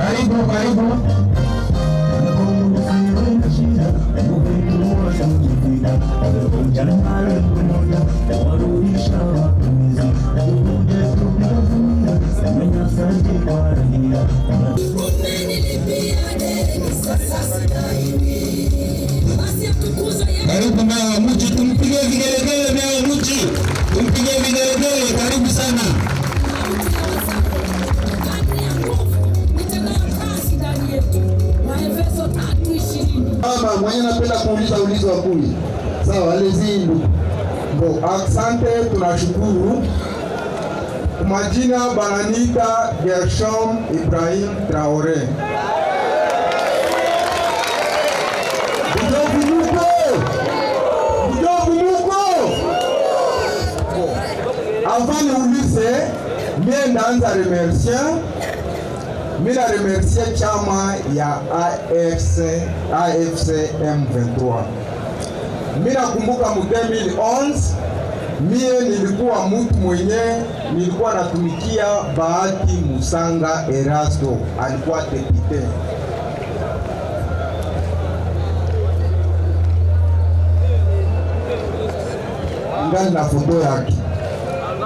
Baibo, baibo. Jangan lupa hizo akui sawa lezindu bo. Asante, tunashukuru. Majina bananita Gershom Ibrahim Traore avant de vous laisser, bien dans un remercier mimi remercie chama ya AFC, AFC M23. Mimi nakumbuka mu 2011 mie nilikuwa mutu mwenye nilikuwa natumikia Bahati Musanga Erasto, alikuwa depute ngani na foto yake.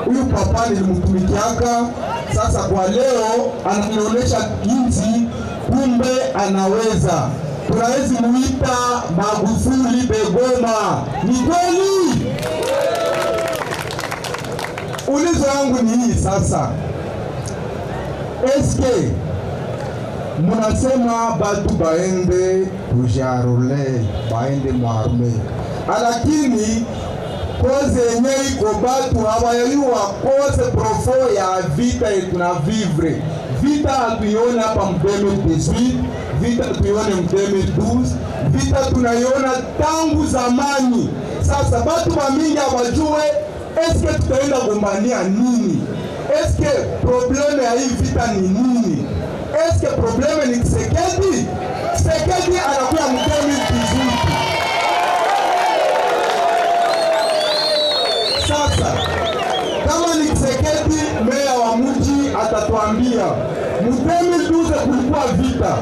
Huyu papa nilimutumikiaka sasa kwa leo anatuonyesha jinsi kumbe anaweza. Tunawezi muita Magufuli Begoma, ni kweli. Ulizo wangu ni hii sasa, eske munasema batu baende kujarule baende mwarume lakini makoze yenyewe iko batu hawayaliwa wakose profo ya vita yetu na vivre vita hatuione hapa mdeme 18 vita tuione mdeme 12 vita tunaiona tangu zamani. Sasa batu bamingi hawajue eske tutaenda gombania nini? Eske probleme ya hii vita ni nini? Eske probleme ni Kisekedi? Kisekedi anakuya mdeme kuambia Mutemi juze kulikuwa vita,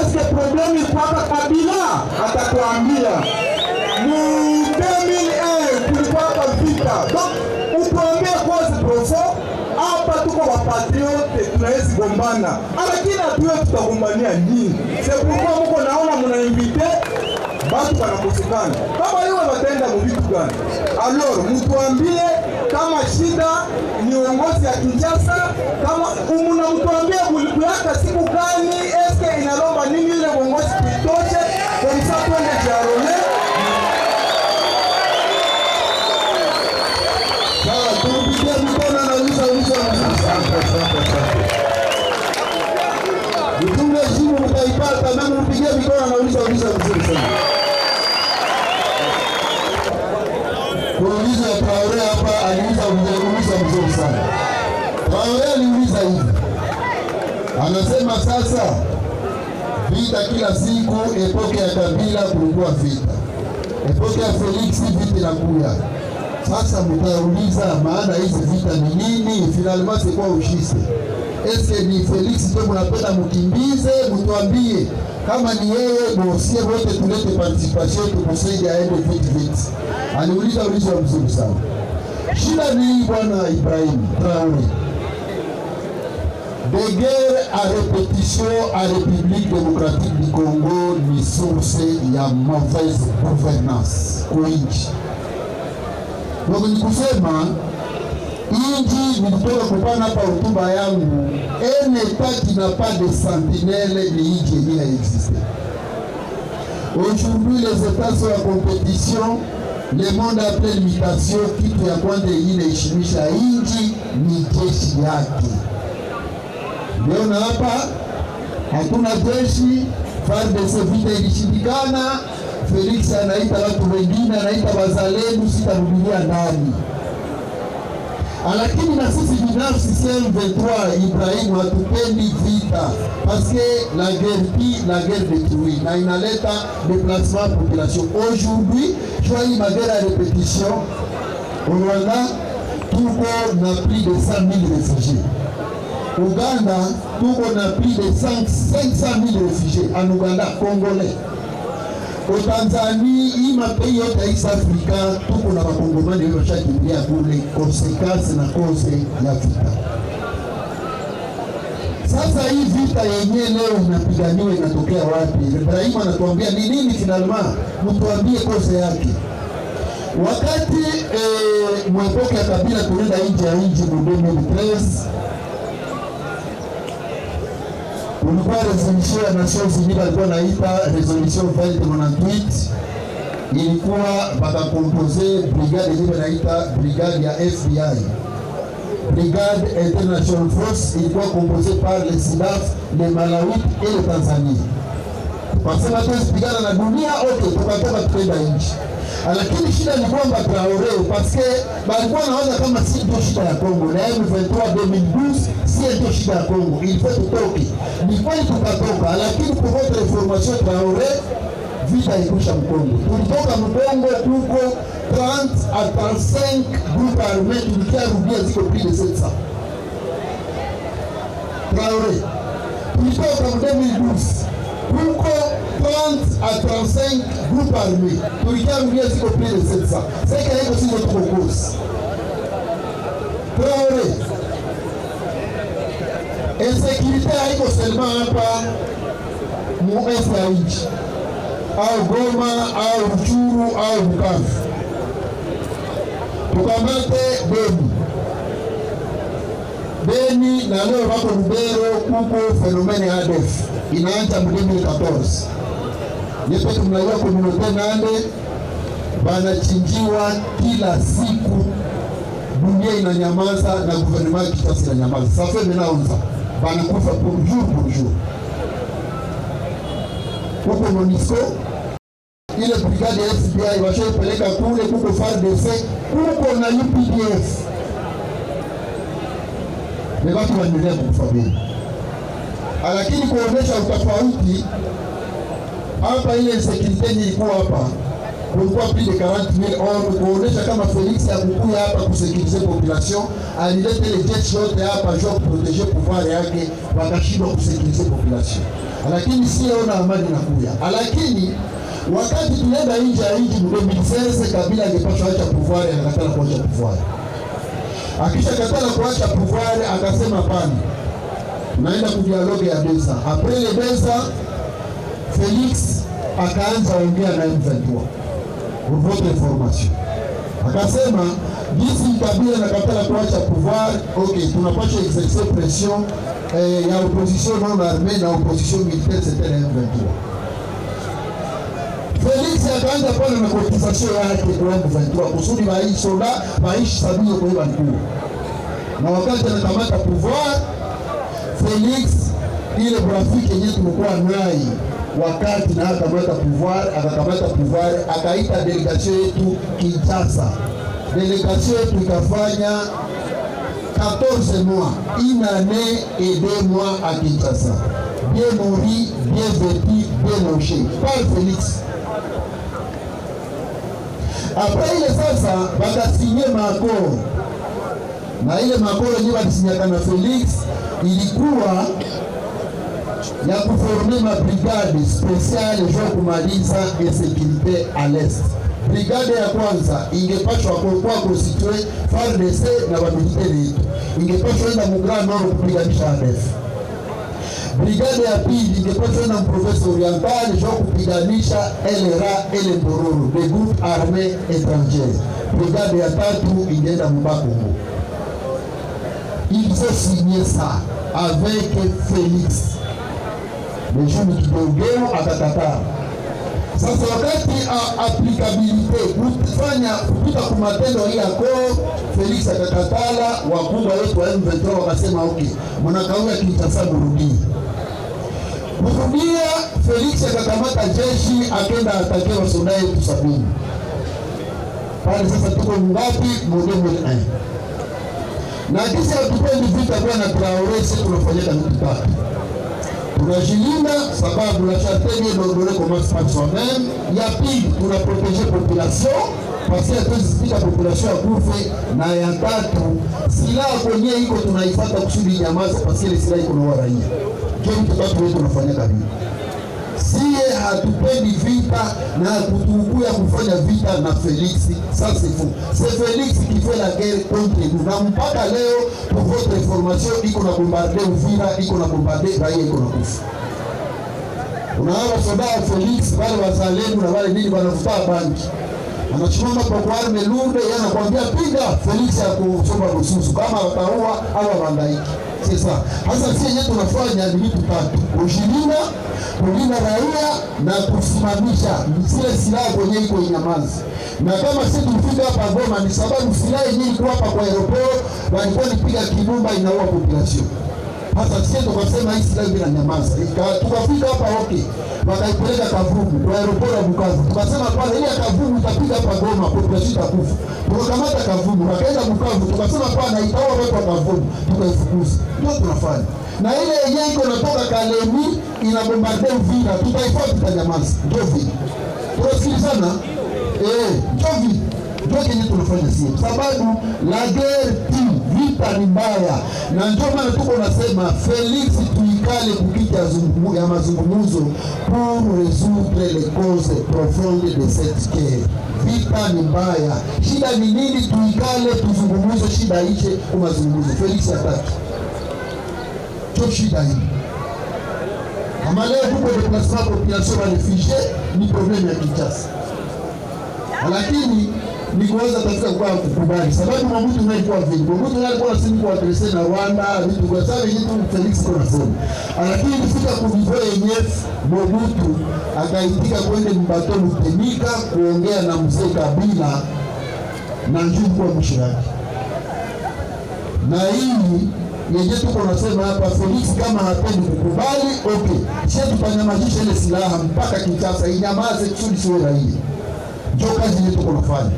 eske problemi kwaka kabila atakuambia Mutemi eh, kulikuwa vita donc ukuambia kozi profo hapa tuko wapatriote, tunawezi gombana, lakini hatuwe tutagombania nini? Sepulkua muko naona munainvite batu banakosekana, kama iwe wataenda muvitu gani? Alors mutuambie kama shida ni uongozi ya Kinshasa, kama mnamtuambia bulikuaka siku gani? Eske inalomba nini ile uongozi kuitoshe kabisa, twende jarone mpigie mikono na sana. Anasema sasa vita kila siku, epoke ya Kabila kulikuwa vita, epoke ya Felix vita kuya. sasa. Mtauliza maana hizi vita ni nini? Finalement c'est ushise Eske ni Felix ndio mnapenda mkimbize? Mtuambie kama ni yeye bosie, wote tulete participation yetu kusaidia aende viti viti. Aliuliza ulizo mzuri sana. Shida ni bwana Ibrahim Traore Des guerres à répétition à République démocratique du Congo, les source, la mauvaise gouvernance. Oui. Donc il kusema inji nilitoka kupana hapa un État qui n'a pas de sentinelles. ni inji yenyewe haexiste. Aujourd'hui les États sont en compétition le monde après limitation, kitu ya kwanza yenyewe inaishimisha inji ni jeshi Uliona hapa hakuna jeshi, FARDC vita ilishindikana. Felix anaita watu wengine, anaita wazalendo, sitarudia ndani lakini na sisi binafsi M23 Ibrahim, hatupendi vita paske la guerre qui la guerre détruit, na inaleta déplacement de population. Aujourd'hui choi magere ya répétition. au Rwanda tuko na plus de 100 000 refugiés Uganda tuko na plus de 500 000 refugiés en Uganda congolais. Ko Tanzania ima pays yote ya East Africa tuko na wakongomani wao washakimbilia kule, konsekansi na kose ya vita. Sasa hii vita yenyewe leo inapiganiwa inatokea wapi? Ibrahimu anatuambia ni nini? Finalma mtuambie kose yake wakati eh, mwepoke ya kabila tunaenda nje ya nchi mu 2013 Ulikuwa resolution ya Nations Unies walikuwa naita Il faut ilikuwa la brigade yenye la brigade la FBI brigade international force ilikuwa composé par les SIDAF les Malawites et les Tanzanie, la tuipigana na dunia ote, tukatoka tukaenda nchi lakini shida ni kwamba Traore parce que balikuwa naona kama si ndio shida ya Kongo, na M23 2012 si ndio shida ya Kongo, ilikuwa tutoke. Ni kweli tukatoka, lakini kwa votre information Traore vita ikusha Mkongo, tulitoka Mkongo kuko 30 à 35 groupe arme tulikiarudia ziko plus de 700 Traore tulitoka mu 2012 huko 30 à 35 groupes armés. Turikarudia ziko plus de 700. Sasa iko sio tuko kosi. Traoré. Insécurité haiko seulement hapa muest ya nchi au Goma au Ruchuru au Bukavu. Tukamate Beni. Beni na leo wako Lubero kuko fenomene ya ADF inaacha mlimi 14 nipo tunaiwa komunote nane banachinjiwa kila siku, dunia inanyamaza na guvernema kitasi inanyamaza. Safe menaonza banakufa pour jour pour huko Monisco, ile brigade ya FBI washaipeleka kule, kuko FARDC kuko na UPDF, bebaki banyulia kukufabili Ah, lakini kuonesha utofauti hapa, ile sekuriteji ilikuwa hapa, kulikuwa plus de 40000 hommes, kuonesha kama Felix akukuya hapa kusekurize population, alilete le jet yote hapa jo kuproteje pouvoir yake, wakashindwa kusekurize population, lakini siona amani nakuya, ah, lakini wakati tunaenda nje ya nchi mdomisese kabila angepaswa acha pouvoir, anakatala kuacha pouvoir. katala kuacha pouvoir, akasema pana naenda kudialoge ya Besa. Aprili Besa Felix akaanza ongea na M23 vote information, akasema jinsi Kabila nakatala kuacha pouvoir. Okay, tunapasha exercer pression eh, ya opposition non armée na opposition militaire c'était M23. Felix akaanza pale na cotisation yake kwa M23 kusudi baishi soda baishi sabio kwa hiyo na wakati anakamata pouvoir Felix ile urafiki yenyewe tulikuwa naye wakati na akakamata pouvoir akakamata pouvoir akaita delegation yetu Kinshasa, delegation yetu ikafanya 14 mois une année et deux mois a Kinshasa, bien nourri, bien vêtu, bien logé par Felix. Après ile sasa bakasinye maakoro na ile maakoro yenyewe walisinyaka na Felix Il ilikuwa ya kuforme mabrigade jo kumaliza sécurité à lest. Brigade ya kwanza ingepashwa Il n'y FARDC na de choix dans enda grand nord kupiganisha la Brigade ya pili ingepashwa enda orientale kupiganisha LRA le groupe armés étrangères. Brigade ya tatu ingeenda faut signer ça. avec Felix. Mheshimiwa Kidogeo akakataa. Sasa wakati aplikabilite kufanya kupita kwa matendo ya koo, Felix à Wakubwa wetu wa M23 wakasema okay, mwanakauya kinitasa burudii kurudia. Felix ça. jeshi akenda atake wasodaye sabini pale. Sasa tuko mon Dieu na sisi hatupendi vita bwana, tunaoresha tunafanyaka vitu tatu, tunajilinda sababu la strategie dogole commence par soi-même. Ya pili tunaprotege population parce que tuzitika population akufe, na ya tatu silaha kwenye iko tunaifata kusudi nyamaza, parce que ile silaha iko na raia. Ndio mtu tatu wetu tunafanyaka vita siye hatupendi vita na kutukuya kufanya vita na Felix. Sasa se Felix qui fait la guerre contre nous, na mpaka leo tovote information iko na bombarde Uvira, iko na bombarde raia, iko na kufa. Unaona soda ya Felix wale wazalendo na wale nini wanavuta banki anachuma kwa arme lunde, yanakwambia piga Felix ya kusoma rususu kama wataua au wandaiki sasa hasa sisi yenyewe tunafanya ni vitu tatu: kujilinda, kulinda raia na kusimamisha zile silaha kwenye iko inyamazi. Na kama sisi tulifika hapa Goma ni sababu silaha yenyewe iko hapa kwa aeroport, walikuwa nipiga kinumba inaua population sasa sisi tukasema hii silaha bila nyamaza, tukafika hapa okay, wakaipeleka Kavumu kwa aeroport ya Bukavu, tukasema pale ile Kavumu itapiga hapa Goma population itakufa. Tukakamata Kavumu wakaenda Bukavu, tukasema pana itaua watu wa Kavumu, tukaifukuza. Ndio tunafanya na ile yenyewe iko natoka Kalemi ina bombarde Uvira, tutaifuata nyamaza. Ndio vile tunasikilizana, eh, ndio vile ndio kenye tunafanya sisi, sababu la guerre mbaya, na ndio maana tuko nasema Felix tuikale kupita ya mazungumzo pour résoudre les causes profondes de cette guerre. Vita ni mbaya, shida ni nini? Tuikale tuzungumuze shida iche kwa mazungumzo. Felix ataki cho shida hii ama leo huko déplacement population ya réfugié ni problème ya Kinshasa lakini ni kuweza katika kwa kukubali, sababu mabutu kwa vingi mabutu kwa simu kwa Kristo na Rwanda vitu kwa sababu vitu Felix kwa nasema, lakini kufika kuvivoa yenyewe mabutu akaitika kwende mbato mtenika kuongea na mzee Kabila na njuu kwa mwisho yake, na hii yenyewe tuko nasema hapa, Felix kama hapendi kukubali, okay, sisi tutanyamazisha ile silaha mpaka Kinshasa inyamaze kusudi siwe raia, ndio kazi yetu nafanya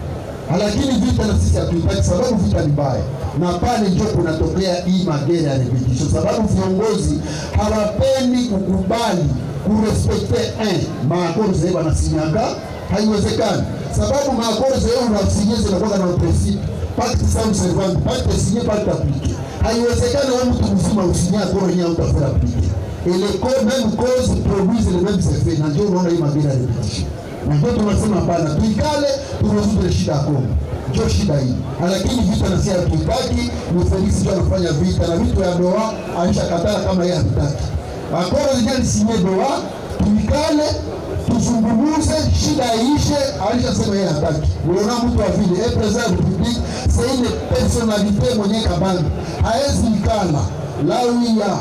lakini vita na sisi hatuipati, sababu vita ni mbaya, na pale ndio kunatokea hii magere ya repetisho, sababu viongozi hawapendi kukubali kurespekte eh, maakoro zee wanasinyaga, haiwezekani sababu maakoro zee unasinyiza inakuwa na upresipi pacte sans servante, pacte sinye pacte aplike, haiwezekani wewe mtu mzima usinyaga akoro yenyewe utafera aplike, et les mêmes causes produisent les mêmes effets, na ndio unaona hii magera ya repetisho na hiyo tunasema hapana, tuikale tunazuia shida ya Kongo, ndio shida hii. Lakini vita na siasa tuitaki, ni Felix ndio anafanya vita na vitu ya doa alishakataa kama yeye hataki akoro lijali sinye doa, tuikale tuzungumuze, shida ishe. sema yeye hataki. Uliona mtu wa vile e president republique c'est une personnalité mwenye kabanda haezi ikala lawia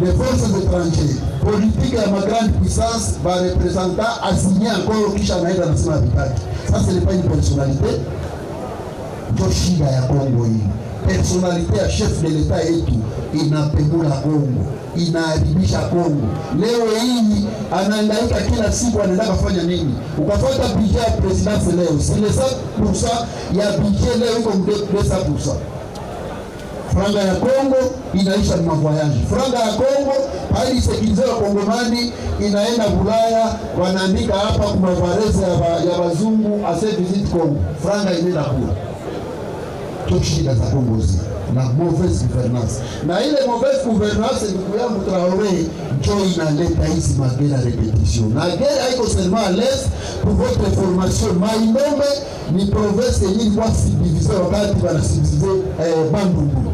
les forces étrangères, politique ya magrande puissance ba representa asinya kolo, kisha anaenda anasema vitaki. Sasa ni pani personalite ndio shida ya Kongo hii. personnalité ya chef de l'etat yetu inapengula Kongo, inaharibisha Kongo. Leo hii anaangaika kila siku, anaenda kufanya nini? Ukafuata budget ya presidence leo, si 100% ya budget leo iko 200% Franga ya Kongo inaisha mavoyaji. Franga ya Kongo hadi ya kongomani inaenda Bulaya, wanaandika hapa kumavareze ya wazungu ase visit Kongo, franga inaenda kule toshida za Kongo zi na mauvaise gouvernance, na ile mauvaise gouvernance, ndugu yangu Traore, njo inaleta hizi magere ya repetition. Na gere haiko seulement a pour votre formation. Maindombe ni province yenye ilikuwa civilize wakati wanacivilize eh, Bandundu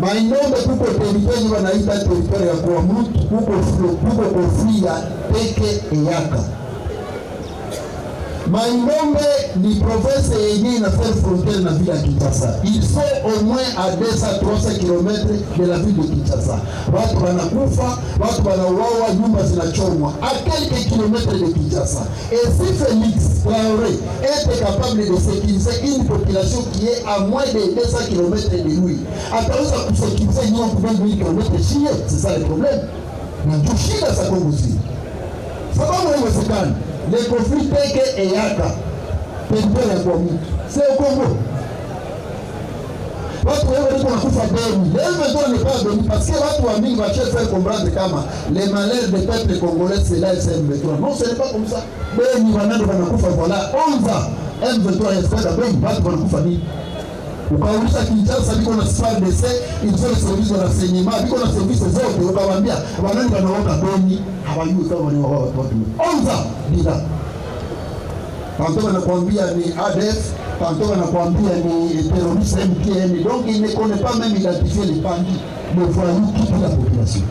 Maindombe kuko teritoria wanaita teritoria ya kwa mtu kuko kuko kofia teke eyaka provinces et province yenye seule frontière la ville de Kinshasa. Il sont au moins à 200-300 km de la ville de Kinshasa. Watu wanakufa, watu banawawa, nyumba zinachomwa à quelques kilomètres de Kinshasa. Et si Félix Traoré était capable de sécuriser une population qui est à moins de 200 km de lui, à fait, il nyumba 20 000 km Chine. c'est ça le problème. Na aussi. Ça va moi, Sababu haiwezekani. Les conflits eyaka c'est au Congo. parce que watu wa mingi les malheurs des peuples congolais c'est là c'est m Non, ce n'est pas comme ça. Deni wanakufa voilà M23 est watu wanakufa ukawaulisha Kinshasa biko na spadese inzole service na senyema biko na service zote, ukawaambia wanani wanaoka boni hawajui kama ni wao watu onza bila pantoka nakwambia ni ADF pantoka nakwambia ni terroriste MTN, donc il ne connaît pas même identifier les bandits, mais voilà toute la population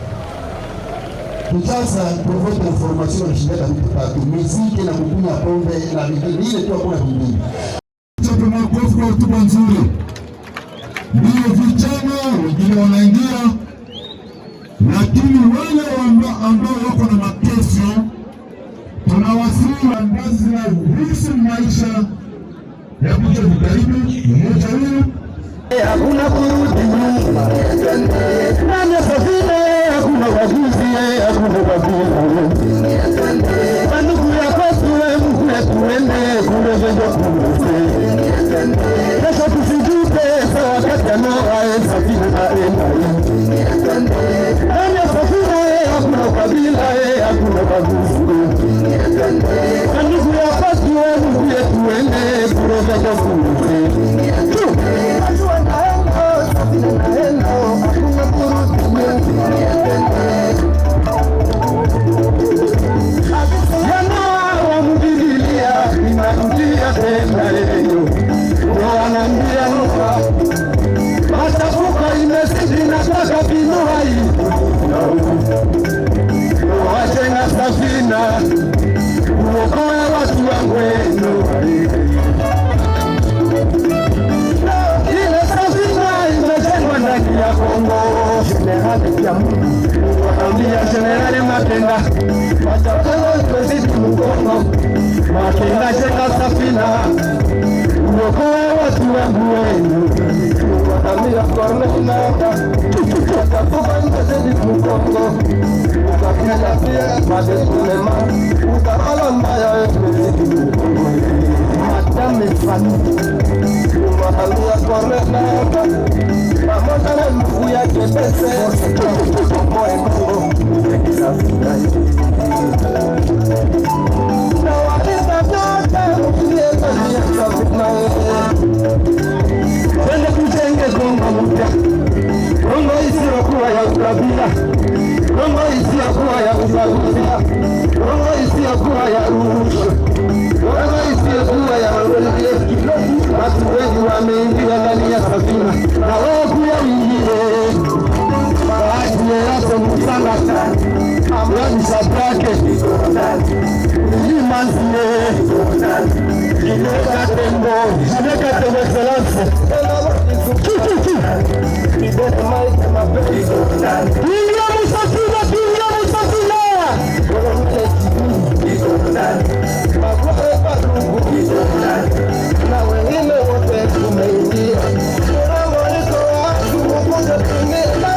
Kinshasa provote information na shida kabisa tatu miziki na kukunywa pombe na vingine ile tu, hakuna vingine. Simplement kwa hotuba nzuri ndio vijana wengine wanaingia, lakini wale ambao wako na mateso tunawasii na kuhusu maisha ya kuja vitaribi mmoja huyu hakuna kurudi nyuma, ndani ya hakuna ubaguzi, hakuna ubaguzi. Mandugu yako tuwe tuende kule venye kuuze hakuna ukabila, hakuna ubaguzi. Kandugu ya watu wetu, tuende kuroga kwa hai wachenga safina kuokoa watu wangwenu ile safina imejengwa ndani ya Kongo. Wakaambia Jenerali Makenda watakaa kwezitu Kongo, Makenda jenga safina kuokoa watu wangu wenu wakamia Kornena wakakuba Mbezeli Mukongo ukakila pia Madekulema ukakala mbaya yetu Madame Fani wakamia Kornena pamoja na nguvu yake Bese moe Kongo na waliza Kwenda kutenge Kongo mpya. Kongo isiyokuwa ya ukabila. Kongo isiyokuwa ya ubaguzi. Kongo isiyokuwa ya rushwa. Kongo isiyokuwa ya ulevi. Watu wengi wameingia ndani ya safina na wao pia wengine. Baadhi ya yaso msanga sana. Amani sapake na wengine